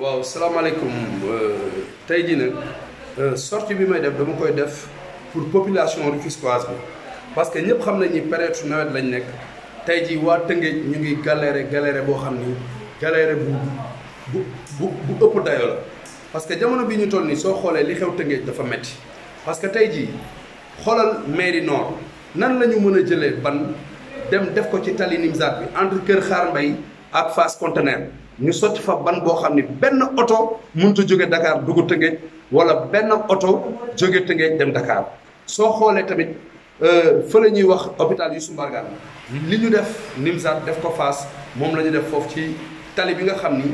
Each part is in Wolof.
waaw salaamaaleykum euh, tey jii nag euh, sortie bi may def dama koy def pour population rufisquoise bi parce que ñëpp xam nañ ni période nawet lañ nekk tey jii waa Tëngéej ñu ngi galéré galéré boo xam ni galéré bu bu bu ëpp dayoo la. parce que jamono bi ñu toll nii soo xoolee li xew Tëngéej dafa metti parce que tey jii xoolal mairie nord nan lañu mën a jëlee ban dem def ko ci tali Nimzaat bi entre Kër Xaar Mbay ak Fass Conteneur. ñu sotti fa ban boo xam ne benn oto mënut a jóge Dakar dugg Tëngéej wala benn oto jóge Tëngéej dem dakaar soo xoolee tamit euh, fa la ñuy wax hôpital Youssou Mbargane li ñu def Nimzaat def ko Fass moom la ñu def foofu ci tali bi nga xam ni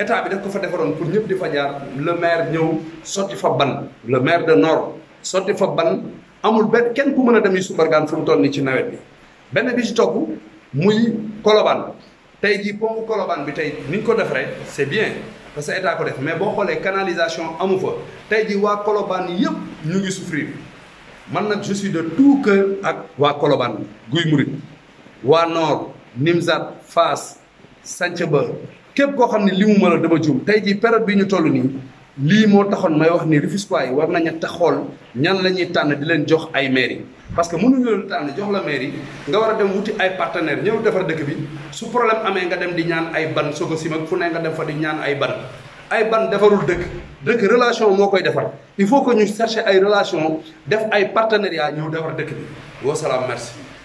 état bi daf ko fa defaroon pour ñëpp di fa le maire ñëw sotti fa ban le maire de Nord sotti fa ban amul benn kenn ku mën a dem Youssou Mbargane fu mu toll nii ci nawet bi benn bi ci topp muy Colobane tey jii pont Colobane bi tey ni ñu ko defaree c'est bien parce que état ko def mais boo xoolee canalisation amu fa tey jii waa Colobane yëpp ñu ngi souffrir man nag je suis de tout cœur ak waa Colobane Guy Mouride waa Nord Nimzat Fass Santhiaba képp koo xam ne li mu mën a dama juum tey jii période bi ñu toll nii lii moo taxoon may wax ni Rufisquois yi war nañu taxool ñan la ñuy tànn di leen jox ay mairie parce que mënuñu leen tànn jox la mairie nga war a dem wuti ay partenaire ñëw defar dëkk bi su problème amee nga dem di ñaan ay ban soo ko simag fu ne nga dem fa di ñaan ay ban ay ban defarul dëkk dëkk relation moo koy defar il faut que ñu chercher ay relation def ay partenariat ñëw defar dëkk bi wasalaam merci